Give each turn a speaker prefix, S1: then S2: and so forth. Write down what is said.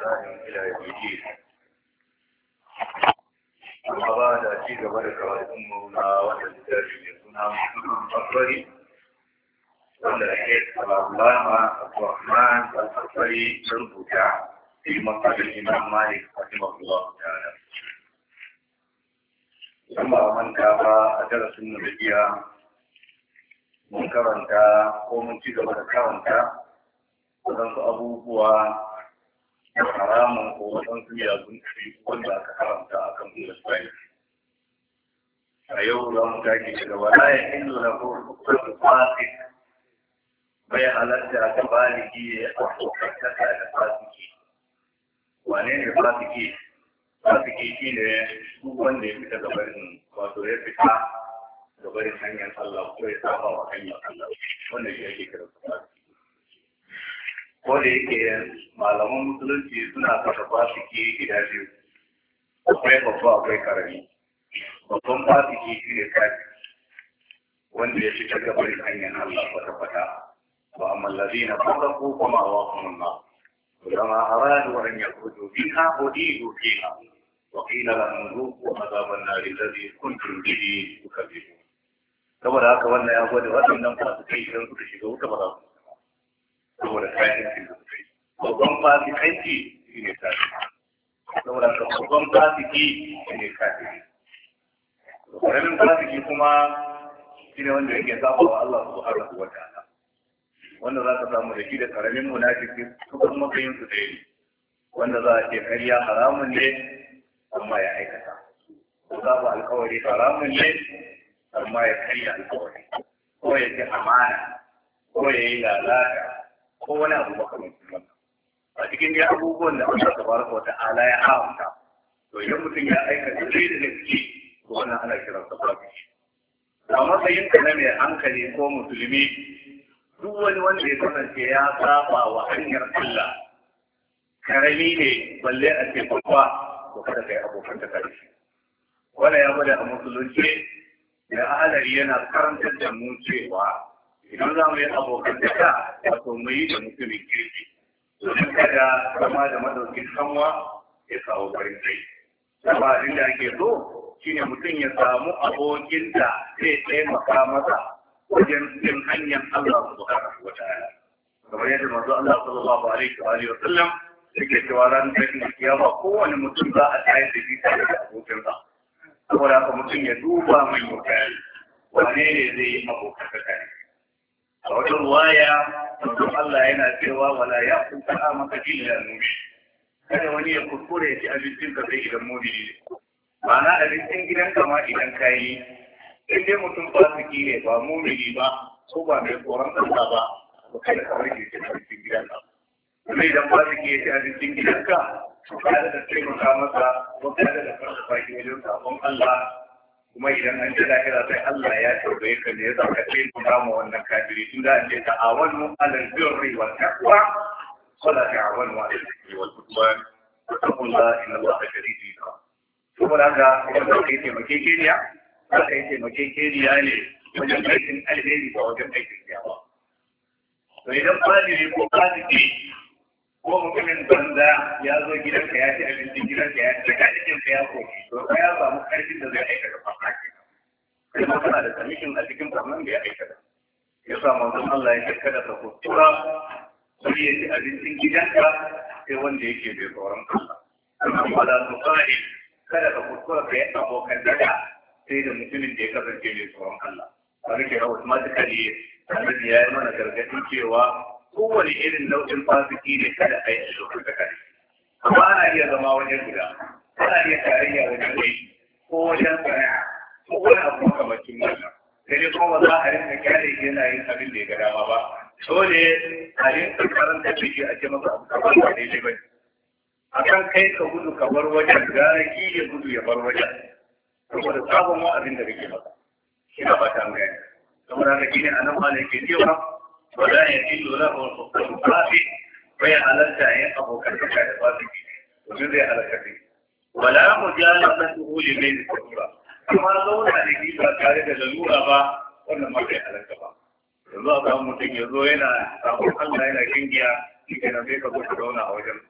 S1: بإحسان إلى يوم الدين أما بعد أشيد بركة أمنا وتزداد يكون محمد الأكبر ولا شيخ العلامة الرحمن الأكبر البكاء في مصحف الإمام مالك رحمه الله تعالى أما من كان أدرس النبي mun karanta ko mun ci gaba da karanta waɗansu abubuwa da haramun ko waɗansu miyagun kare wanda aka haramta a kan musulmai. A yau za mu take daga wala ya inda na kuma fasi bai halatta ta baligi ya abokantaka da fasiki. Wane ne fasiki? Fasiki shi ne duk wanda ya fita gabarin wato ya fita gabarin hanyar Allah ko ya saba wa hanyar Allah wanda ya ke kira fasiki. ko da yake malaman musulunci suna karɓa fasiki gida biyu akwai babba akwai karami babban fasiki shi ne kafi wanda ya da gabarin hanyar Allah kwata kwata wa mallazina ladina fasaqu kuma wa kunna kama aradu an yakhruju minha udidu fiha wa qila lahum dhuqu adhaban nar alladhi kuntum bihi biyu. saboda haka wannan ya gwada waɗannan fasikai idan suka shiga wuta ba za su saboda kayan da suka yi babban fasikanci shi ne kafiri saboda ka babban fasiki shi ne kafiri ƙaramin fasiki kuma shi ne wanda yake saba wa Allah subhanahu wa ta'ala wanda za ka samu da shi da ƙaramin munafiki su kuma kayan su ɗaya ne wanda za a ce ƙarya haramun ne amma ya aikata babu alkawari haramun ne amma ya karya alkawari ko ya ce amana ko ya yi lalata ko wani abu ba kamar wannan a cikin dai abubuwan da Allah tabaraka wa ta'ala ya haramta to idan mutum ya aikata dai da gaske to wannan ana kiran sa fasici a matsayin ka na mai hankali ko musulmi duk wani wanda ya kasance ya saba wa hanyar Allah karami ne balle a ce babba to kada kai abokan ta kai ya bada a musulunci ya ahalari yana karantar da mu cewa idan za mu yi abokan daga wato mu yi da mutumin kirki domin kada zama da madaukin kanwa ya kawo farin kai kuma abin da ake so shine mutum ya samu abokin da zai taimaka masa wajen bin hanyar Allah subhanahu wa ta'ala kamar yadda manzo Allah sallallahu alaihi wa alihi wa sallam yake cewa ran da kiyama kowane mutum za a tayar da shi da da abokinsa saboda haka mutum ya duba mai mutane wane ne zai yi abokan a wata ruwaya don Allah yana cewa wala ya kuka a maka illa mushi kada wani ya kuskure ya ci abincin ka sai idan mudi ne ba na abincin gidanka ma idan ka yi in dai mutum fasiki ne ba mumini ba ko ba mai tsoron Allah ba ba kada ka rage ci abincin gidanka ka kuma idan fasiki ya ci abincin gidan ka ba da taimaka masa ba da da farfafa wajen sabon Allah kuma idan an ji lahira sai Allah ya tambaye ka ne za ka ce ku ma wannan kafiri tun da an ce ta awanu alal birri wal taqwa wala ta'awanu alal birri wal udwan wattaqullaha inna Allaha shadidul iqab saboda haka idan za ka yi taimakekeniya za ka yi taimakekeniya ne wajen aikin alheri ba wajen aikin kyawa to idan fadiri ko fadiri ko mutumin banza ya zo gidanka ya ci abinci gidanka ya ci ka ya koki to ka ya samu karfin da zai aikata zama kana da kamishin a cikin farnan da ya aikata ya sa manzon Allah ya kada ka kuskura sai ya ci abincin gidanka sai wanda yake bai tsoron Allah amma da su fa'i kada ka kuskura ka yi abokan daga sai da mutumin da ya kasance bai tsoron Allah a rike rawa automatically annabi ya yi mana gargadin cewa kowane irin nau'in fasiki ne kada a yi a da kai amma ana iya zama wajen guda ana iya tarayya wajen aiki ko wajen sana'a ko wani abu makamacin wannan sai kuma ba za a rinka kyale yana yin abin da ya ga dama ba dole a rinka karanta biki a ce masa abu kaban ba daidai ba a kan kai ka gudu ka bar wajen gara ki ya gudu ya bar wajen saboda sabon wa abin da kake masa ina ba ta gani saboda haka shine anan ma ne ke Ba wala ya illu lahu al-hukmu qafi bai halarta ya abokan da fasiki domin zai halarta wala mujalalatu li min al-qura amma zauna da shi ba tare da lalura ba wannan ma bai halarta ba yanzu a samu mutum ya zo yana sabon Allah yana kingiya shi na sai ka zo ka zauna a wajen